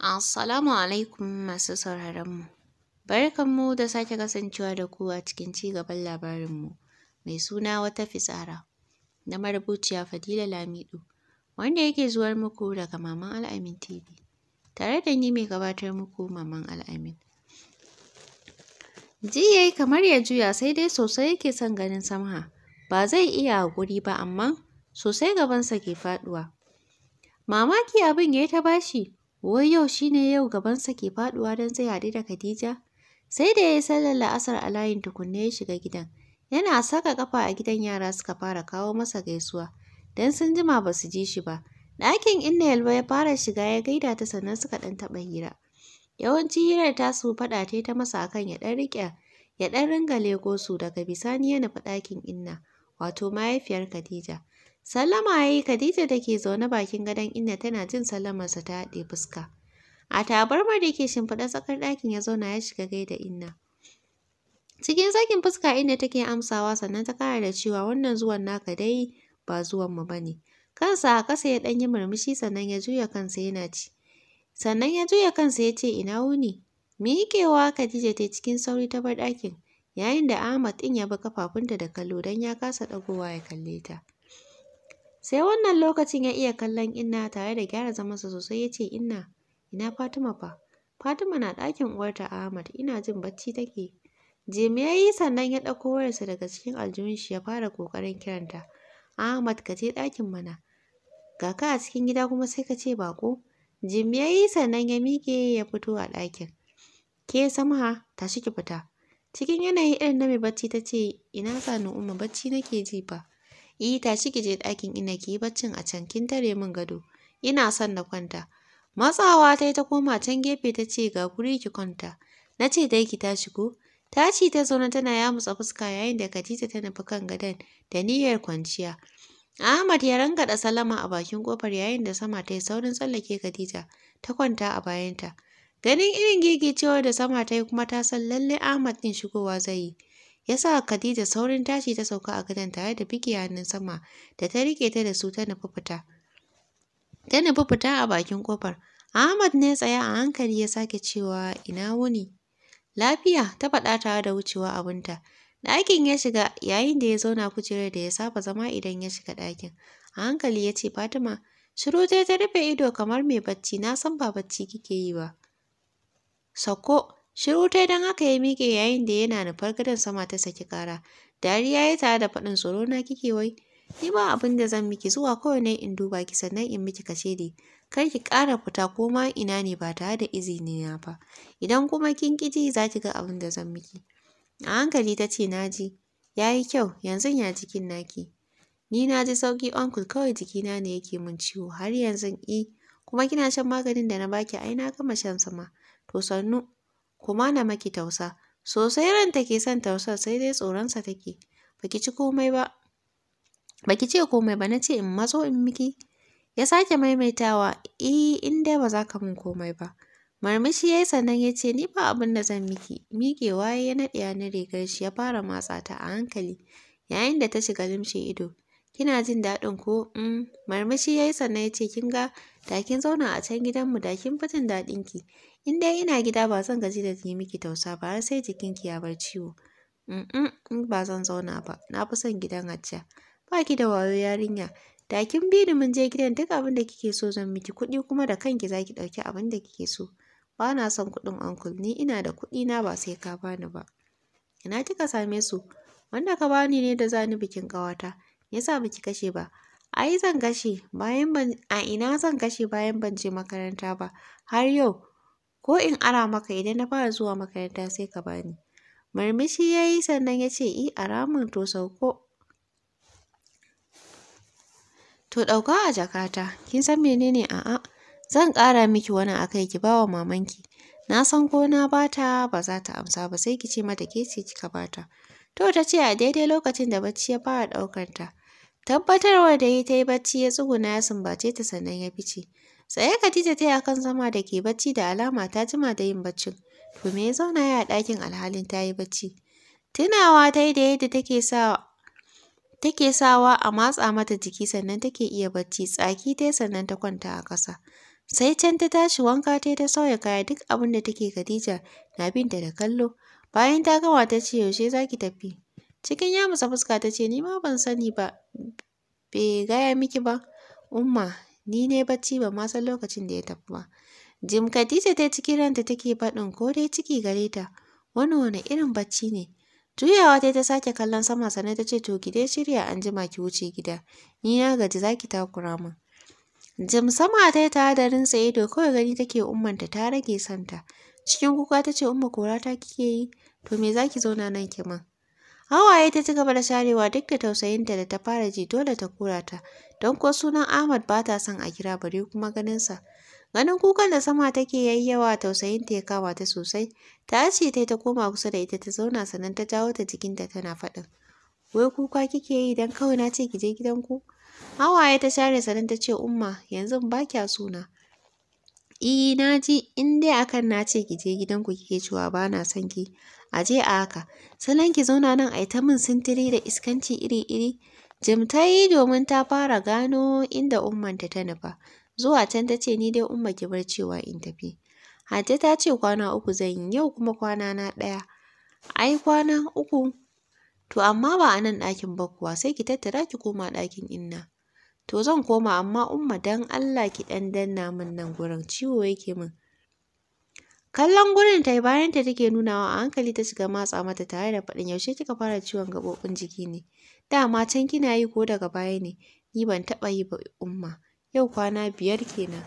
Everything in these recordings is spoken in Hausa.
Assalamu alaikum masu sauraronmu. Barkanmu da sake kasancewa da ku a cikin cigaban labarinmu mai suna wata fitsara na marubuciya Fadila Lamido wanda yake zuwar muku daga Maman Al'amin TV tare da ni mai gabatar muku Maman Al'amin. Ji yayi kamar ya juya sai dai sosai yake son ganin Samha ba zai iya guri ba amma sosai gabansa ke faduwa. Mamaki abin ya ta bashi Wai yau shi ne yau gabansa ke faɗuwa don zai haɗu da Khadija? Sai da ya yi sallar la'asar a layin tukunna ya shiga gidan. Yana saka kafa a gidan yara suka fara kawo masa gaisuwa, don sun jima ba su ji shi ba. Ɗakin inna Yalwa ya fara shiga ya gaida ta sannan suka ɗan taɓa hira. Yawanci hirar su faɗa ta ta masa akan ya ɗan riƙe ya ɗan ringa lego su daga bisani ya nufi ɗakin inna, wato mahaifiyar Khadija. Sallama ya yi Khadija da ke zaune bakin gadon inda tana jin sallamarsa ta haɗe fuska. A tabarmar da yake shimfiɗa tsakar ɗakin ya zauna ya shiga gaida inna. Cikin sakin fuska inda take amsawa sannan ta kara da cewa wannan zuwan naka dai ba zuwan mu bane. Kansa a ƙasa ya ɗan yi murmushi sannan ya juya kansa yana ci. Sannan ya juya kansa ya ce ina wuni. Miƙewa Khadija ta cikin sauri ta bar ɗakin yayin da Ahmad ɗin ya bi kafafunta da kallo don ya kasa ɗagowa ya kalle ta. Sai wannan lokacin ya iya kallon Inna tare da gyara zamansa sosai yace Inna, ina Fatima fa? Fatima na ɗakin uwarta Ahmad, ina jin bacci take. Jimi ya sannan ya ɗauko wayarsa daga cikin aljihun shi ya fara ƙoƙarin kiranta. Ahmad ka je ɗakin mana. Ga ka a cikin gida kuma sai ka ce baƙo. Jimi ya sannan ya miƙe ya fito a ɗakin. Ke samha tashi ki fita. Cikin yanayi irin na mai bacci ta ce ina sa Umma bacci nake ji fa. Yi eh, tashi ki je ɗakin ina ki yi baccin a can kin tare min gado. Ina son na kwanta. Matsawa ta yi ta koma can gefe ta ce ga guri ki kwanta. Na ce dai ki tashi ko? ce ta zaune tana yamutsa fuska yayin da Khadija ta nufi kan gadon da niyyar kwanciya. Ahmad ya rangaɗa salama a bakin kofar yayin da sama ta yi saurin tsallake Khadija ta kwanta a bayanta. Ganin irin gigicewar da sama ta yi kuma ta san lallai Ahmad ɗin shigowa zai yi. ya sa Khadija saurin tashi ta sauka a gadon tare da bige hannun sama da ta rike ta da su ta nufi fita. Ta nufi fita a bakin kofar. Ahmad ne tsaya a hankali ya sake cewa ina wuni. Lafiya ta faɗa tare da wucewa abinta. Ɗakin ya shiga yayin da ya zauna kujerar da ya saba zama idan ya shiga ɗakin. A hankali ya ce Fatima, shiru ta ta rufe ido kamar mai bacci na san ba bacci kike yi ba. Sako Shiru ta don haka ya miƙe yayin da yana nufar gadon sama ta saki ƙara. Dariya ya tare da faɗin tsoro na kike wai. Ni ba abin da zan miki zuwa kawai ne in duba ki sannan in miki kashe kashedi. Kar ki ƙara fita ko ma ina ne ba tare da izini na ba. Idan kuma kin ƙiji za ki ga abin da zan miki. A hankali ta ce na ji. Ya yi kyau yanzu ya jikin naki. Ni na ji sauƙi uncle kawai jikina ne yake min ciwo har yanzu i. Eh. Kuma kina shan maganin da na baki ai na gama shan sama. To sannu kuma na maki tausa sosai ranta ke son tausa sai dai tsoronsa take baki ci komai ba baki ce komai ba na ce in matso in miki ya sake maimaitawa E, in dai ba za ka min komai ba marmishi ya yi sannan ya ce ni ba abin da zan miki miƙewa ya naɗe ya rigar shi ya fara matsa ta a hankali yayin da ta shiga limshe ido kina jin daɗin ko mm marmishi ya yi sannan ya ce kin ga da kin zauna a can gidanmu da kin fitin daɗinki ki In dai ina gida ba zan gaji da yi miki tausa ba har sai jikinki ya bar ciwo. Mm ba zan zauna ba, na fi son gidan Hajja. Ba ki da wayo yarinya, da kin bi ni mun je gidan duk abin da kike so zan miki kuɗi kuma da kanki za ki ɗauki abin da kike so. Ba na son kuɗin uncle ni ina da kuɗi na ba sai ka bani ba. Ina kika same su? Wanda ka bani ne da zani bikin ƙawata. Yasa biki kashe ba? Ai zan kashe bayan ban a ina zan kashe bayan ban je makaranta ba. Har yau ko in ara maka idan na fara zuwa makaranta sai ka bani. Murmushi ya yi sannan ya ce, I, ara min to sauko. To ɗauka a jakata, kin san menene a'a? Zan ƙara miki wani a kai ki bawa mamanki. Na san ko na bata ba za ta amsa ba sai ki ce mata ke ce kika bata. To ta ce a daidai lokacin da bacci ya fara ɗaukar ta. Tabbatarwa da yi ta yi bacci ya tsuguna ya sumbace ta sannan ya fice. Tsaye Khadija ta yi kan zama da ke bacci da alama ta jima da yin baccin. To me ya zauna ya ɗakin alhalin ta yi bacci? Tunawa ta yi da yadda take sa take sawa a matsa mata jiki sannan take iya bacci tsaki ta sannan ta kwanta a ƙasa. Sai can ta tashi wanka ta ta sauya kaya duk abin da take Khadija na binta da kallo. Bayan ta gama ta ce yaushe za ki tafi? Cikin ya musa fuska ta ce ni ma ban sani ba. Bai gaya miki ba? Umma Ni ne bacci ba ma san lokacin da ya tafi ba. Jim Khadija ta ciki ranta take faɗin ko dai ciki gare ta. Wani wani irin bacci ne. Juyawa ta ta sake kallon sama sannan ta ce to ki shirya an jima ki wuce gida. Ni na gaji za ki takura min. Jim sama ta ta da rinsa ido kawai gani take ummanta ta rage santa. Cikin kuka ta ce umma kora ta kike yi to me za ki zauna nan ki man Hawaye ta ci gaba da sharewa duk da tausayinta da ta fara ji dole ta kura ta, don ko sunan Ahmad ba ta son a kira bare kuma ganinsa. Ganin kukan da sama take yayi yawa tausayinta ya kama ta sosai, ta ce ta ta koma kusa da ita ta zauna sanan ta jawo ta jikinta tana faɗin. Wai kuka kike yi dan kawai na ce ki gidanku? Hawaye ta share sannan ta ce umma yanzu ba kya suna. I na ji in dai akan na ce ki gidanku kike cewa ba na son ki. a je a haka sannan ki zauna nan a yi ta min sintiri da iskanci iri-iri jim ta yi domin ta fara gano inda ummanta ta nufa zuwa can ta ce ni dai umma ki bar cewa in tafi hajja ta ce kwana uku zan yi yau kuma kwana na ɗaya ai kwana uku to amma ba a nan ɗakin ba kuwa sai ki tattara ki koma ɗakin inna to zan koma amma umma dan Allah ki ɗan danna min nan gurin ciwo yake min Kallon gurin ta bayan ta take nunawa a hankali ta shiga matsa mata tare da faɗin yaushe kika fara ciwon gaɓoɓin jiki ne. Dama can kina yi ko daga baya ne, ni ban taɓa yi ba umma, yau kwana biyar kenan.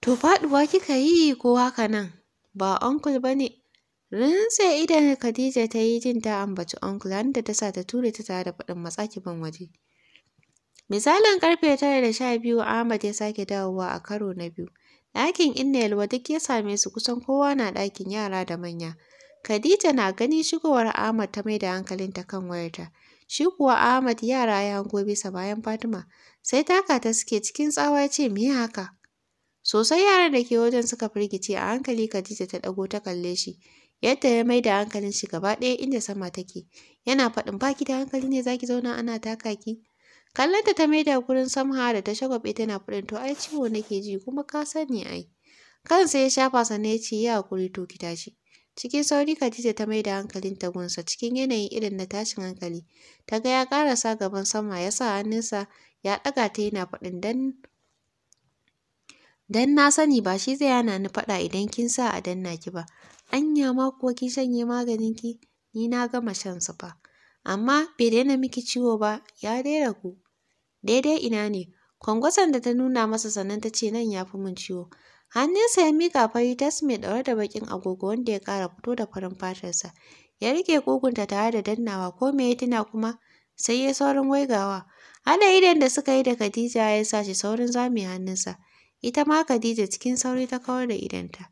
To faɗuwa kika yi ko haka nan, ba onkul ba ne. Rintse idan Khadija ta yi jin ta ambaci onkul har da ta sa ta ture ta tare da faɗin matsa ban waje. Misalin karfe tara da sha biyu Ahmad ya sake dawowa a karo na biyu. Ɗakin inna Yelwa duk ya same su kusan kowa na ɗakin yara da manya. Khadija na ganin shigowar Ahmad ta maida ta kan wayarta. Shi kuwa Ahmad yara ya hango bisa bayan Fatima. Sai taka ta suke cikin tsawa ya ce me haka? Sosai yaran da ke wajen suka firgice a hankali Khadija ta ɗago ta kalle shi. Yadda ya maida hankalin shi gaba ɗaya inda sama take. Yana faɗin ba ki da hankali ne za ki zauna ana taka ki. Kallonta ta maida gurin samha da ta shagwabe tana faɗin to ai ciwo nake ji kuma ka sani ai. Kansa ya shafa sannan ya ce ya hakuri to ki tashi. Cikin sauri Khadija ta maida hankalin ta gunsa cikin yanayin irin na tashin hankali. Ta ga ya karasa gaban sama ya sa hannunsa ya ɗaga ta yana fadin dan Dan na sani ba shi zai hana ni faɗa idan kin sa a danna ki ba. Anya ma kuwa kin shanye maganin ki? Ni na gama shan su fa. amma bai daina miki ciwo ba ya daina ku. Daidai ina ne, kwangwasan da ta nuna masa sannan ta ce nan ya fi min ciwo. Hannunsa ya mika fari tas mai ɗaure da baƙin agogo wanda ya ƙara fito da farin fatarsa. Ya riƙe ƙugunta tare da dannawa ko me ya tuna kuma sai ya saurin waigawa. Hada idan da suka yi da Khadija ya sa shi saurin zame hannunsa. Ita ma Khadija cikin sauri ta kawar da idonta.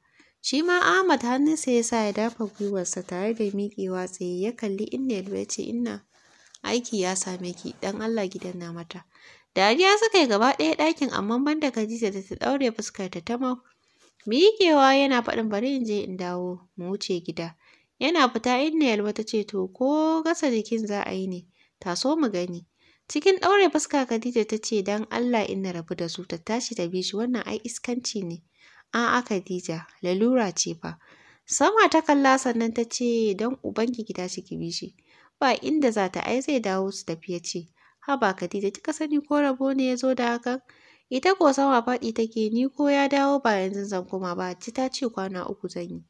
Shi ma Ahmad hannunsa ya sa ya dafa gwiwarsa tare da miƙewa tsaye ya kalli inda Yalwa ya ce, Inna, aiki ya same ki, don Allah gidan danna mata. Dariya suka yi gaba ɗaya ɗakin amma ban da Khadija da ta ɗaure fuskarta ta ma. Miƙewa yana faɗin bari in je in dawo mu wuce gida. Yana fita inda Yalwa ta ce to ko gasa jikin za a yi ne, taso mu gani. Cikin ɗaure fuska Khadija ta ce don Allah in rabu da su ta tashi ta bi shi wannan ai iskanci ne. A'a Khadija, lalura ce fa. Sama ta kalla sannan ta ce, don ubanki gida ciki bishi. Ba inda za ta ai zai dawo su tafi ya ce, haba Khadija kika sani ko rabo ne ya zo da hakan? Ita ko sama faɗi take ni ko ya dawo ba yanzu zan koma ba, ci ta ce kwana uku zan yi.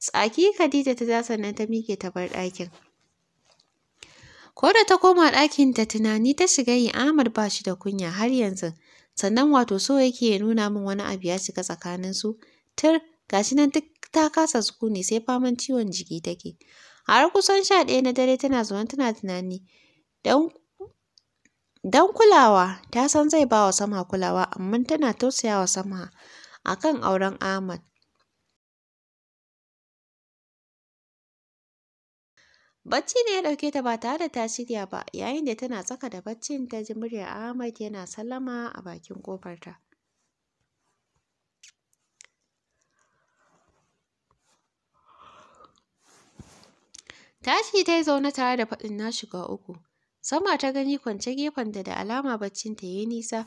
Tsaki Khadija ta ja sannan ta miƙe ta bar ɗakin. Ko da ta koma ɗakin ta tunani ta shiga yi Ahmad ba shi da kunya har yanzu. sannan wato so yake ya nuna min wani abu ya shiga tsakaninsu tir gashi nan duk ta kasa sukuni sai faman ciwon jiki take har kusan sha ɗaya na dare tana zaune tana tunani Dan don kulawa ta san zai bawa wa sama kulawa amma tana tausaya wa sama akan auren Ahmad Bacci da ya ɗauke ta ba tare da ta shirya ba, yayin da tana tsaka da baccin ta ji murya Ahmad yana sallama a bakin ƙofarta. Tashi ta yi zaune tare da faɗin na shiga uku. Sama ta gani kwance gefenta da alama baccin ta yi nisa.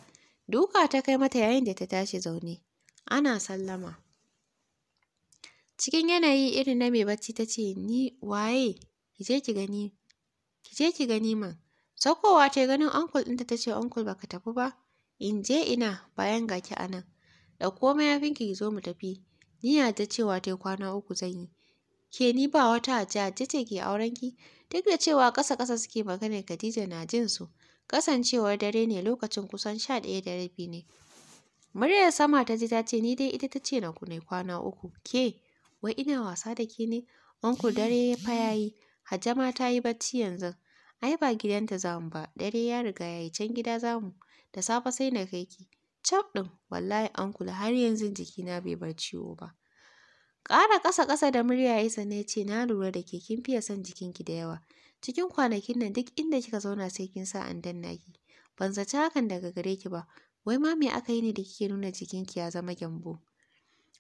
Duka ta kai mata yayin da ta tashi zaune. Ana sallama. Cikin yanayi irin na mai bacci ta ce, Ni waye? ki je ki gani ki je ki gani man saukowa ta ganin uncle ɗinta ta ce uncle baka tafi ba in je ina bayan ga ki anan ɗauko mayafin ki zo mu tafi niyya ta cewa ta kwana uku zan yi ke ni ba wata ajiya ce ke ki duk da cewa ƙasa ƙasa suke magana Khadija na jin su kasancewar dare ne lokacin kusan sha ɗaya da rabi ne muryar sama ta ji ta ce ni dai ita ta ce na kwana uku ke wai ina wasa da ke ne uncle dare fa yayi Hajja ma ta yi bacci yanzu. Ai ba gidanta za mu ba, dare ya riga ya yi can gida za mu. Da safe sai na kai ki. Cap ɗin, wallahi an kula har yanzu jikina bai bar ciwo ba. Ƙara ƙasa-ƙasa da murya ya ya ce na lura da ke kin fiye son jikinki da yawa. Cikin kwanakin nan duk inda kika zauna sai kin sa an danna ki. Ban zaci hakan daga gare ki ba. Wai ma me aka yi ne da kike nuna jikinki ya zama gyambo?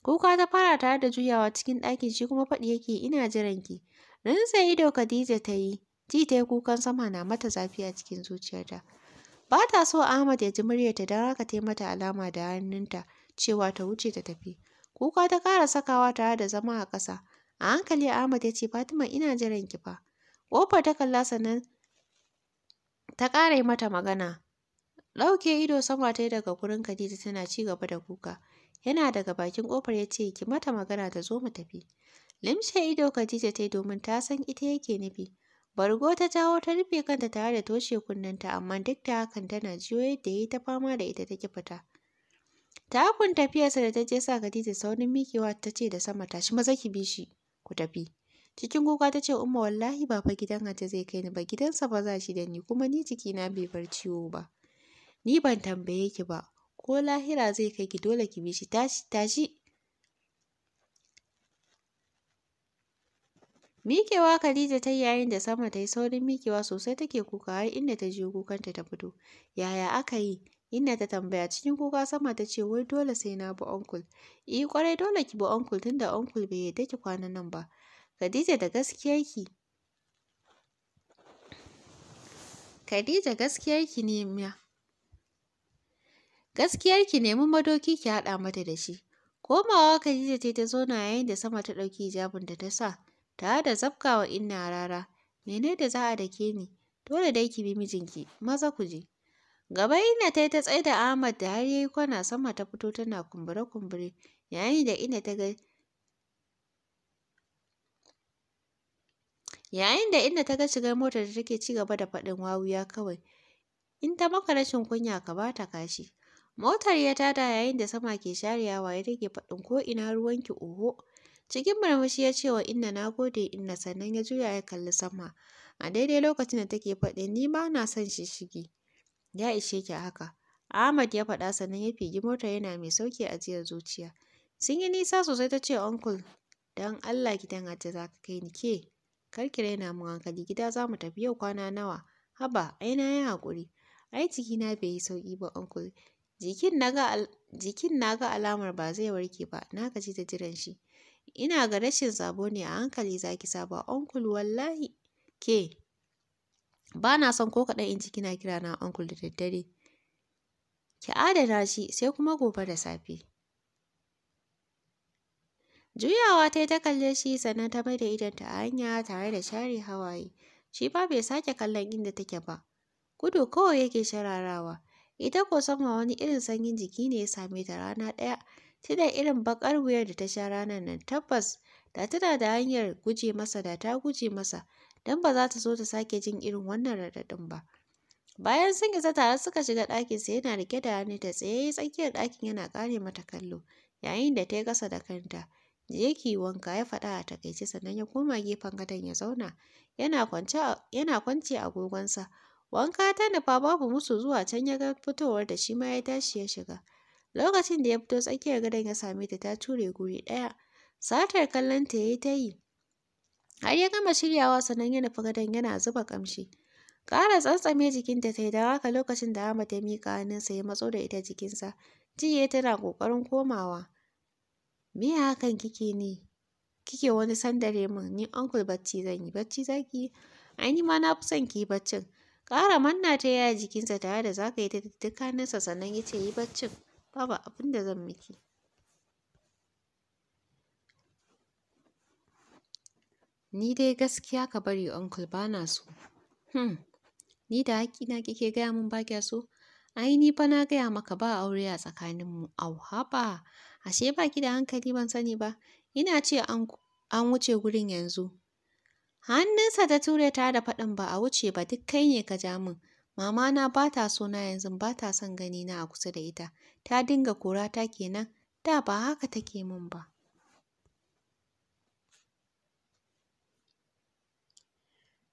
Kuka ta fara tare da juyawa cikin ɗakin shi kuma faɗi yake ina jiran ki. Rinsa ido Khadija ta yi, ji ta yi kukan sama na mata zafi a cikin zuciyarta. Ba ta so Ahmad ya ji muryarta don haka ta yi mata alama da hannunta cewa ta wuce ta tafi. Kuka ta ƙara sakawa tare da zama a ƙasa. A hankali Ahmad ya ce Fatima ina jiran ki fa. Ƙofar ta kalla sannan ta ƙara yi mata magana. Ɗauke ido sama ta yi daga gurin Khadija tana ci gaba da kuka. Yana daga bakin ƙofar ya ce ki mata magana ta zo mu tafi. Limshe ido Khadija ta yi domin ta san ita yake nufi. Bargo ta jawo ta rufe kanta tare da toshe kunnen-ta, amma duk da hakan tana jiyo yadda ya ta fama da ita take fita. Takun tafiyarsa da ta je sa Khadija saurin mikewa ta ce da sama tashi maza ki bi shi ku tafi. Cikin kuka ta ce umma wallahi ba fa gidan Hajji zai kai ni ba gidansa ba za shi da ni kuma ni na bai bar ciwo ba. Ni ban tambaye ki ba ko lahira zai kai ki dole ki bi shi tashi tashi Mikewa Khadija ta yayin da sama ta yi saurin mikewa sosai take kuka har inda ta je kukanta ta fito. Yaya aka yi? Inna ta tambaya cikin kuka sama ta ce wai dole sai na bi uncle. Eh kwarai dole ki bi uncle tunda uncle bai yadda ki kwana nan ba. Khadija da gaskiyarki. Khadija ki ne miya. nemi madoki ki haɗa mata da shi. Komawa Khadija ce ta zauna yayin da sama ta ɗauki hijabin da ta sa. tare da zabkawa inna rara mene da za a dake ni dole dai ki bi mijinki maza ku je gaba inna ta yi ta tsaye da ahmad da har yayi kwana sama ta fito tana kumbure kumbure yayin da inna ta ga yayin da inna ta ga shigar motar da take ci gaba da faɗin wuya kawai in ta maka rashin kunya ka ba ta kashi motar ya tada yayin da sama ke sharewa ya take faɗin ko ina ruwanki oho Cikin murmushi ya ce wa Inna na gode Inna sannan ya juya ya kalli sama. A daidai lokacin da take faɗi ni ba na son shishigi. Ya ishe ki haka. Ahmad ya faɗa sannan ya figi mota yana mai sauki ajiyar zuciya. Sun yi nisa sosai ta ce uncle don Allah gidan hajji za ka kai ni ke. Kar ki raina mu hankali gida za mu tafi yau kwana nawa. Haba ai na yi haƙuri. Ai na bai yi sauƙi ba uncle. Jikin na ga alamar ba zai warke ba na gaji da jiran shi. Ina ga rashin sabo ne a hankali za ki saba uncle wallahi ke. Ba na son ko kaɗan in ji kina kira na uncle da daddare. Ki adana shi sai kuma gobe da safe. Juyawa ta yi ta kalle shi sannan ta maida idonta a hanya tare da share hawaye. Shi ba bai sake kallon inda take ba. Gudu kawai yake shararawa. Ita ko sama wani irin sanyin jiki ne ya same ta rana ɗaya. Tuna irin bakar wuyar da ta sha ranar nan tabbas da tana da hanyar guje masa da ta guje masa don ba za ta so ta sake jin irin wannan raɗaɗin ba. Bayan sun isa tare suka shiga ɗakinsa yana rike da hannu ta tsaye tsakiyar ɗakin yana kare mata kallo yayin da ta yi ƙasa da kanta. Jeki wanka ya faɗa a takaice sannan ya koma gefen gadon ya zauna yana kwance a agogonsa. Wanka ta nufa babu musu zuwa can ya ga fitowar da shi ma ya tashi ya shiga. Lokacin da ya fito tsakiyar gadon ya same ta ta ture guri ɗaya. Satar kallon ta yayi ta yi. Har ya gama shiryawa sannan ya nufi gadon yana zuba kamshi. Kara tsantsame jikinta ta yi da haka lokacin da Ahmad ya miƙa hannunsa ya matso da ita jikinsa. Jiya tana ƙoƙarin komawa. Me ya hakan kike ne? Kike wani sandare min ni uncle bacci zan yi bacci zaki. Ai ni ma na fi son ki yi baccin. Ƙara manna ta yaya jikinsa tare da zaka yi ta dukkaninsa sannan ya ce yi baccin. babu abinda zan miki ni dai gaskiya ka bari uncle bana so hmm ni da na kike gaya min ba kya so ai ni fa na gaya maka ba aure a tsakaninmu au haba ashe ba ki da hankali ban sani ba ina ce an wuce gurin yanzu hannunsa ta ture ta da faɗin ba a wuce ba duk kai ne ka ja min Mamana na ba ta so na yanzu ba ta son gani na a kusa da ita. Ta dinga ta kenan, da ba haka take min ba.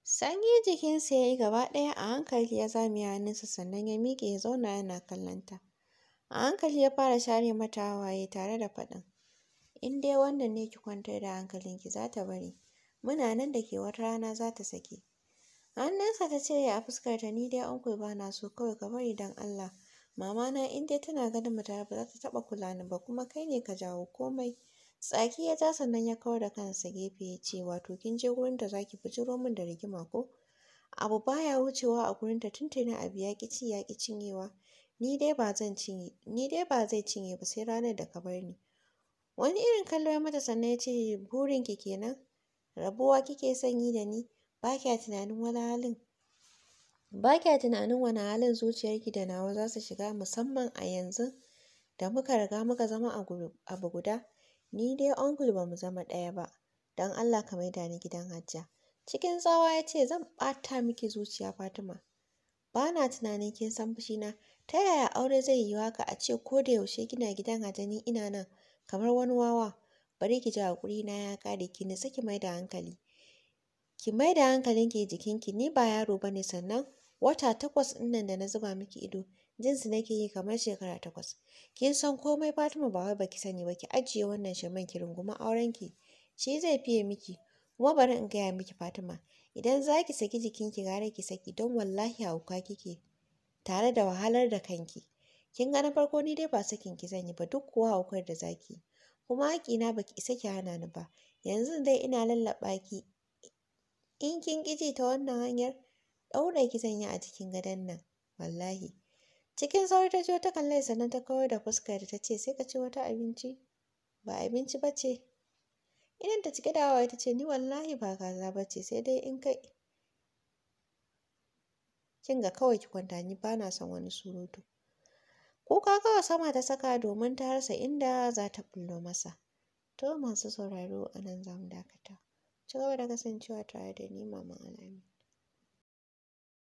Sanyi jikinsa ya yi gaba ɗaya a hankali ya zame hannunsa sannan ya miƙe ya zauna yana kallonta. A hankali ya fara share mata hawaye tare da faɗin. In dai wannan ne ki kwantar da hankalinki za ta bari. Muna nan da ke wata rana za ta sake. Hannunsa ta ce a fuskarta ni dai uncle ba na so kawai ka bari don Allah. Mama na in dai tana ganin mu tare ba za ta taɓa kula ni ba kuma kai ne ka jawo komai. Tsaki ya ja sannan ya kawar da kansa gefe ya ce wato kin je gurin da za ki bijiro min da rigima ko? Abu baya wucewa a gurinta tuntuni abu ya ci ya cinyewa. Ni dai ba zan cinye, ni dai ba zai cinye ba sai ranar da ka bar ni. Wani irin kallo ya mata sannan ya ce burin ki kenan? Rabuwa kike son yi da ni? ba kya tunanin wani halin ba kya tunanin wani halin zuciyarki da nawa za su shiga musamman a yanzu da muka riga muka zama abu guda ni dai uncle ba mu zama ɗaya ba don Allah ka maida ni gidan hajja cikin tsawa ya ce zan ɓata miki zuciya Fatima ba na tunanin kin san fushina ta yaya aure zai yi haka a ce ko da yaushe kina gidan hajja ni ina nan kamar wani wawa bari ki ji hakuri na ya kare ki nitsi ki maida hankali ki mai da hankalinki jikinki ni ba yaro ba ne sannan wata takwas in nan da na zuba miki ido jinsi nake yi kamar shekara takwas kin san komai fatima ba wai baki sani ba ki ajiye wannan shirman ki runguma aurenki shi zai fiye miki kuma bari in gaya miki fatima idan za ki saki jikinki gara ki saki don wallahi hauka kike tare da wahalar da kanki kin ga na farko ni dai ba sakin ki zan yi ba duk kuwa haukar da zaki kuma haƙina baki isa ki hana ni ba yanzu dai ina lallaɓa ki in kin ƙi ta wannan hanyar ɗaure ki zan yi a cikin gadon nan wallahi cikin sauri ta jiyo ta kalle sannan ta kawar da fuskar ta ce sai ka ci wata abinci ba abinci ba ce idan ta cike da hawaye ta ce ni wallahi ba kaza ba ce sai dai in kai kin ga kawai ki kwanta ni ba na son wani surutu kuka kawai sama ta saka domin ta rasa inda za ta bullo masa to masu sauraro anan nan za mu dakata Ci gaba da kasancewa tare da ni mama alami